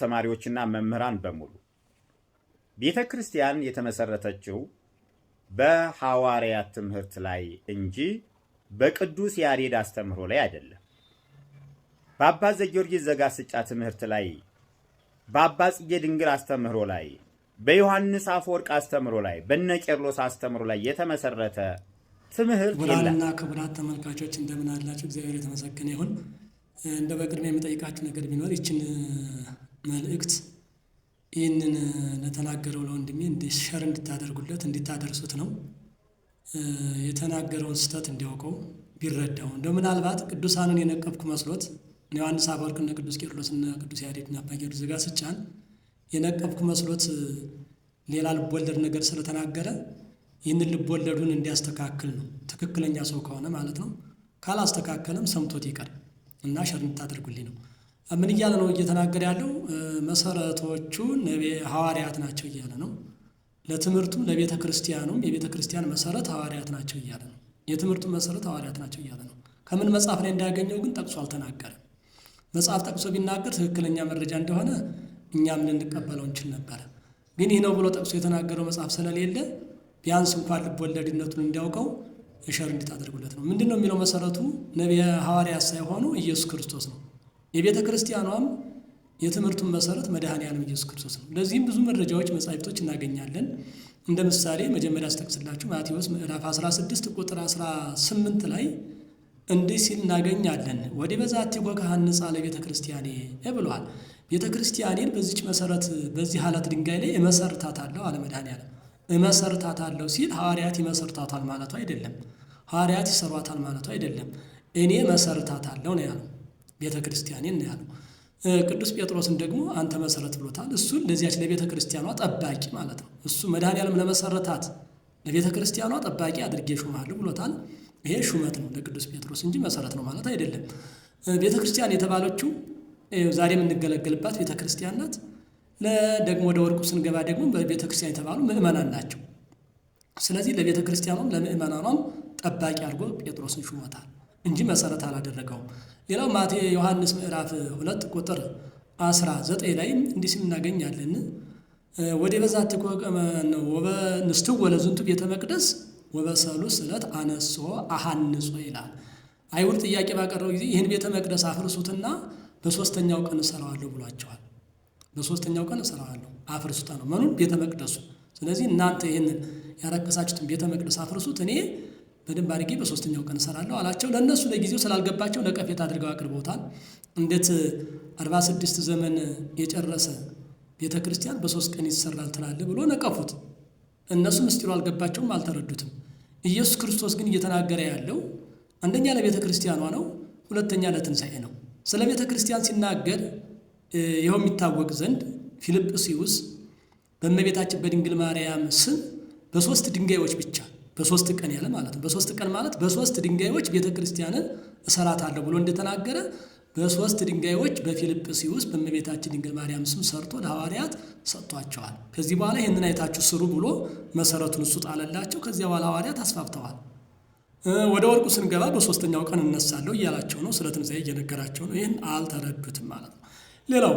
ተማሪዎችና መምህራን በሙሉ ቤተ ክርስቲያን የተመሰረተችው በሐዋርያት ትምህርት ላይ እንጂ በቅዱስ ያሬድ አስተምህሮ ላይ አይደለም። በአባ ዘጊዮርጊስ ዘጋስጫ ትምህርት ላይ፣ በአባ ጽጌ ድንግል አስተምህሮ ላይ፣ በዮሐንስ አፈወርቅ አስተምህሮ ላይ፣ በነ ቄርሎስ አስተምህሮ ላይ የተመሰረተ ትምህርት የለም። ክቡራት ተመልካቾች እንደምን አላችሁ? እግዚአብሔር የተመሰገነ ይሁን። እንደ በቅድሚያ የምጠይቃችሁ ነገር ቢኖር ይችን መልእክት ይህንን ለተናገረው ለወንድሜ ሸር እንድታደርጉለት እንድታደርሱት ነው። የተናገረውን ስህተት እንዲያውቀው ቢረዳው እንደ ምናልባት ቅዱሳንን የነቀብኩ መስሎት ዮሐንስ አፈወርቅ እና ቅዱስ ቄርሎስ እና ቅዱስ ያሬድ እና አባ ጊዮርጊስ ዘጋስጫን የነቀብኩ መስሎት ሌላ ልቦለድ ነገር ስለተናገረ ይህንን ልቦለዱን እንዲያስተካክል ነው። ትክክለኛ ሰው ከሆነ ማለት ነው። ካላስተካከለም ሰምቶት ይቀር እና ሸር እንድታደርጉልኝ ነው። ምን እያለ ነው እየተናገረ ያለው? መሰረቶቹ ሐዋርያት ናቸው እያለ ነው። ለትምህርቱ ለቤተ ክርስቲያኑም የቤተ ክርስቲያን መሰረት ሐዋርያት ናቸው እያለ ነው። የትምህርቱ መሰረት ሐዋርያት ናቸው እያለ ነው። ከምን መጽሐፍ ላይ እንዳያገኘው ግን ጠቅሶ አልተናገረም። መጽሐፍ ጠቅሶ ቢናገር ትክክለኛ መረጃ እንደሆነ እኛም ልንቀበለው እንችል ነበረ። ግን ይህ ነው ብሎ ጠቅሶ የተናገረው መጽሐፍ ስለሌለ ቢያንስ እንኳን ልብ ወለድነቱን እንዲያውቀው እሸር እንዲታደርጉለት ነው። ምንድን ነው የሚለው መሰረቱ ነቢያ ሐዋርያት ሳይሆኑ ኢየሱስ ክርስቶስ ነው። የቤተ ክርስቲያኗም የትምህርቱን መሰረት መድኃኔዓለም ኢየሱስ ክርስቶስ ነው። ለዚህም ብዙ መረጃዎች መጻሕፍቶች እናገኛለን። እንደ ምሳሌ መጀመሪያ አስጠቅስላችሁ ማቴዎስ ምዕራፍ 16 ቁጥር 18 ላይ እንዲህ ሲል እናገኛለን። ወዲህ በዛቲኮ ከሐንጻ ለቤተ ክርስቲያኔ ብሏል። ቤተ ክርስቲያኔን በዚች መሰረት በዚህ ሀላት ድንጋይ ላይ እመሰርታታለሁ አለ መድኃኔዓለም። እመሰርታታለሁ ሲል ሐዋርያት ይመሰርታታል ማለቱ አይደለም። ሐዋርያት ይሰሯታል ማለቱ አይደለም። እኔ መሰርታታለሁ ነው ያለው። ቤተ ክርስቲያኔን ያለው። ቅዱስ ጴጥሮስን ደግሞ አንተ መሰረት ብሎታል። እሱን ለዚያች ለቤተ ክርስቲያኗ ጠባቂ ማለት ነው። እሱ መድኃኔዓለም ለመሰረታት ለቤተ ክርስቲያኗ ጠባቂ አድርጌ ሹማለሁ ብሎታል። ይሄ ሹመት ነው ለቅዱስ ጴጥሮስ እንጂ መሰረት ነው ማለት አይደለም። ቤተ ክርስቲያን የተባለችው ዛሬ የምንገለገልባት ቤተ ክርስቲያን ናት። ደግሞ ወደ ወርቁ ስንገባ ደግሞ በቤተ ክርስቲያን የተባሉ ምእመናን ናቸው። ስለዚህ ለቤተ ክርስቲያኗም ለምእመናኗም ጠባቂ አድርጎ ጴጥሮስን ሹሞታል። እንጂ መሰረት አላደረገውም። ሌላው ማቴ ዮሐንስ ምዕራፍ ሁለት ቁጥር አስራ ዘጠኝ ላይ እንዲህ ሲል እናገኛለን ወደ በዛት ንስቱ ወለዝንቱ ቤተ መቅደስ ወበሰሉስ ዕለት አነሶ አሃንሶ ይላል። አይሁድ ጥያቄ ባቀረቡ ጊዜ ይህን ቤተ መቅደስ አፍርሱትና በሶስተኛው ቀን እሰራዋለሁ ብሏቸዋል። በሶስተኛው ቀን እሰራዋለሁ አፍርሱታ ነው መኑን ቤተ መቅደሱ። ስለዚህ እናንተ ይህንን ያረከሳችሁትን ቤተ መቅደስ አፍርሱት እኔ በደንብ አድርጌ በሶስተኛው ቀን እሰራለሁ አላቸው። ለእነሱ ለጊዜው ስላልገባቸው ነቀፌት አድርገው አቅርቦታል። እንዴት አርባ ስድስት ዘመን የጨረሰ ቤተ ክርስቲያን በሶስት ቀን ይሰራል ትላለ ብሎ ነቀፉት። እነሱ ምስጢሩ አልገባቸውም፣ አልተረዱትም። ኢየሱስ ክርስቶስ ግን እየተናገረ ያለው አንደኛ ለቤተ ክርስቲያኗ ነው፣ ሁለተኛ ለትንሣኤ ነው። ስለ ቤተ ክርስቲያን ሲናገር ይኸው የሚታወቅ ዘንድ ፊልጵስዩስ በእመቤታችን በድንግል ማርያም ስም በሦስት ድንጋዮች ብቻ በሶስት ቀን ያለ ማለት ነው። በሶስት ቀን ማለት በሶስት ድንጋዮች ቤተ ክርስቲያንን እሰራታለሁ ብሎ እንደተናገረ በሶስት ድንጋዮች በፊልጵስዩስ በእመቤታችን ድንግል ማርያም ስም ሰርቶ ለሐዋርያት ሰጥቷቸዋል። ከዚህ በኋላ ይህንን አይታችሁ ስሩ ብሎ መሰረቱን እሱ ጣለላቸው። ከዚያ በኋላ ሐዋርያት አስፋፍተዋል። ወደ ወርቁ ስንገባ በሶስተኛው ቀን እነሳለሁ እያላቸው ነው። ስለ ትንሣኤ እየነገራቸው ነው። ይህን አልተረዱትም ማለት ነው። ሌላው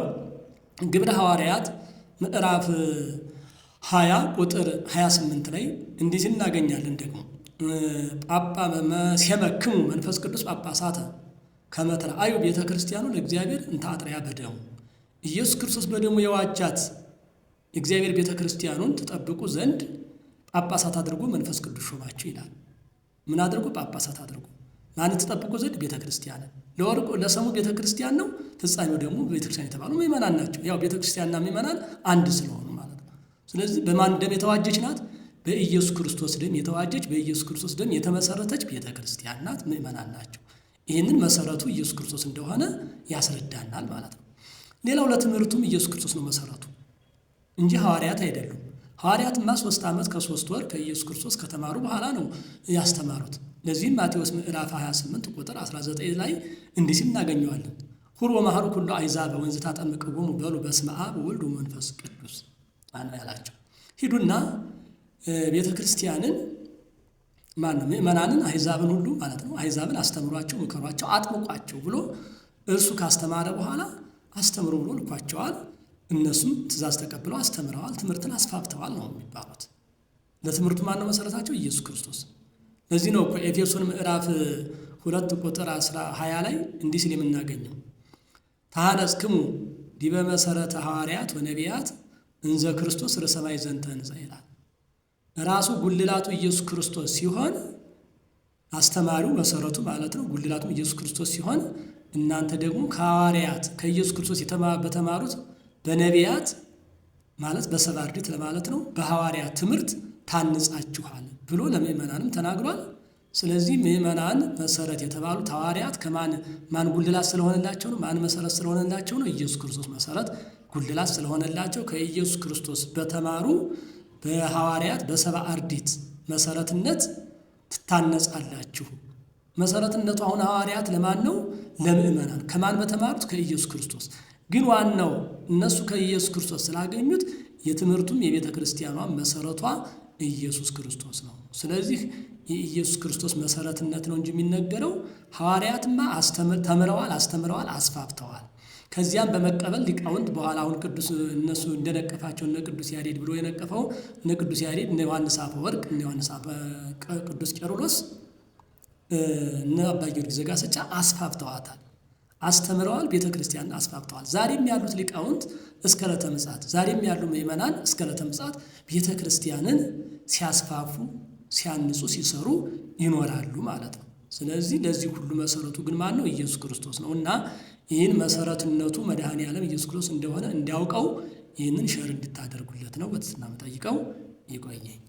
ግብረ ሐዋርያት ምዕራፍ ሀያ ቁጥር ሀያ ስምንት ላይ እንዲህ እናገኛለን ደግሞ ጳጳ መንፈስ ቅዱስ ጳጳሳተ ከመተራ አዩ ቤተ ክርስቲያኑ ለእግዚአብሔር እንታጥሪያ በደሙ ኢየሱስ ክርስቶስ በደሙ የዋጃት እግዚአብሔር ቤተ ክርስቲያኑን ትጠብቁ ዘንድ ጳጳሳት አድርጎ መንፈስ ቅዱስ ሾማቸው ይላል። ምን አድርጎ? ጳጳሳት አድርጎ ማን ትጠብቁ ዘንድ ቤተ ክርስቲያን ለወርቁ ለሰሙ ቤተ ክርስቲያን ነው፣ ፍጻሜው ደግሞ ቤተክርስቲያን የተባሉ ምእመናን ናቸው። ያው ቤተክርስቲያንና ምእመናን አንድ ስለሆኑ ስለዚህ በማን ደም የተዋጀች ናት? በኢየሱስ ክርስቶስ ደም የተዋጀች በኢየሱስ ክርስቶስ ደም የተመሰረተች ቤተ ክርስቲያን ናት። ምእመናን ናቸው። ይህንን መሰረቱ ኢየሱስ ክርስቶስ እንደሆነ ያስረዳናል ማለት ነው። ሌላው ለትምህርቱም ኢየሱስ ክርስቶስ ነው መሰረቱ እንጂ ሐዋርያት አይደሉም። ሐዋርያትማ ሶስት ዓመት ከሶስት ወር ከኢየሱስ ክርስቶስ ከተማሩ በኋላ ነው ያስተማሩት። ለዚህም ማቴዎስ ምዕራፍ 28 ቁጥር 19 ላይ እንዲህ ሲል እናገኘዋለን። ሁር ወመሃሩ ኩሉ አይዛ በወንዝታ ወሙ በሉ በስመ አብ ወወልድ ወመንፈስ ቅዱስ ማን ያላቸው ሂዱና ቤተ ክርስቲያንን ማን ነው ምእመናንን አይዛብን ሁሉ ማለት ነው አይዛብን አስተምሯቸው፣ ምከሯቸው፣ አጥምቋቸው ብሎ እርሱ ካስተማረ በኋላ አስተምሮ ብሎ ልኳቸዋል። እነሱም ትእዛዝ ተቀብለው አስተምረዋል፣ ትምህርትን አስፋፍተዋል ነው የሚባሉት። ለትምህርቱ ነው መሰረታቸው? ኢየሱስ ክርስቶስ። ለዚህ ነው ኤፌሶን ምዕራፍ ሁለት ቁጥር አስራ ሀያ ላይ እንዲህ ሲል የምናገኘው ታነጽክሙ ዲበ መሰረተ ሐዋርያት ወነቢያት እንዘ ክርስቶስ ርሰማይ ዘንተ ህንጻ ይላል። ራሱ ጉልላቱ ኢየሱስ ክርስቶስ ሲሆን አስተማሪው መሰረቱ ማለት ነው። ጉልላቱ ኢየሱስ ክርስቶስ ሲሆን እናንተ ደግሞ ከሐዋርያት ከኢየሱስ ክርስቶስ በተማሩት በነቢያት ማለት በሰባ አርድእት ለማለት ነው በሐዋርያት ትምህርት ታንጻችኋል ብሎ ለምእመናንም ተናግሯል። ስለዚህ ምእመናን መሰረት የተባሉት ሐዋርያት ከማን ማን ጉልላት ስለሆነላቸው ነው? ማን መሰረት ስለሆነላቸው ነው? ኢየሱስ ክርስቶስ መሰረት ጉልላት ስለሆነላቸው ከኢየሱስ ክርስቶስ በተማሩ በሐዋርያት በሰባ አርዲት መሰረትነት ትታነጻላችሁ። መሰረትነቱ አሁን ሐዋርያት ለማን ነው? ለምእመናን። ከማን በተማሩት? ከኢየሱስ ክርስቶስ። ግን ዋናው እነሱ ከኢየሱስ ክርስቶስ ስላገኙት የትምህርቱም የቤተ ክርስቲያኗ መሰረቷ ኢየሱስ ክርስቶስ ነው። ስለዚህ የኢየሱስ ክርስቶስ መሰረትነት ነው እንጂ የሚነገረው ሐዋርያትማ ተምረዋል፣ አስተምረዋል፣ አስፋፍተዋል። ከዚያም በመቀበል ሊቃውንት በኋላ አሁን ቅዱስ እነሱ እንደነቀፋቸው እነ ቅዱስ ያሬድ ብሎ የነቀፈው እነ ቅዱስ ያሬድ እነ ዮሐንስ አፈወርቅ እነ ዮሐንስ ቅዱስ ቄርሎስ እነ አባ ጊዮርጊስ ዘጋስጫ አስፋፍተዋታል፣ አስተምረዋል፣ ቤተ ክርስቲያን አስፋፍተዋል። ዛሬም ያሉት ሊቃውንት እስከ ዕለተ ምጽአት፣ ዛሬም ያሉ ምእመናን እስከ ዕለተ ምጽአት ቤተ ክርስቲያንን ሲያስፋፉ ሲያንጹ ሲሰሩ ይኖራሉ ማለት ነው። ስለዚህ ለዚህ ሁሉ መሰረቱ ግን ማን ነው? ኢየሱስ ክርስቶስ ነው እና ይህን መሰረትነቱ መድኃኔ ዓለም ኢየሱስ ክርስቶስ እንደሆነ እንዲያውቀው ይህንን ሸር እንድታደርጉለት ነው በትህትና የምጠይቀው። ይቆየኝ።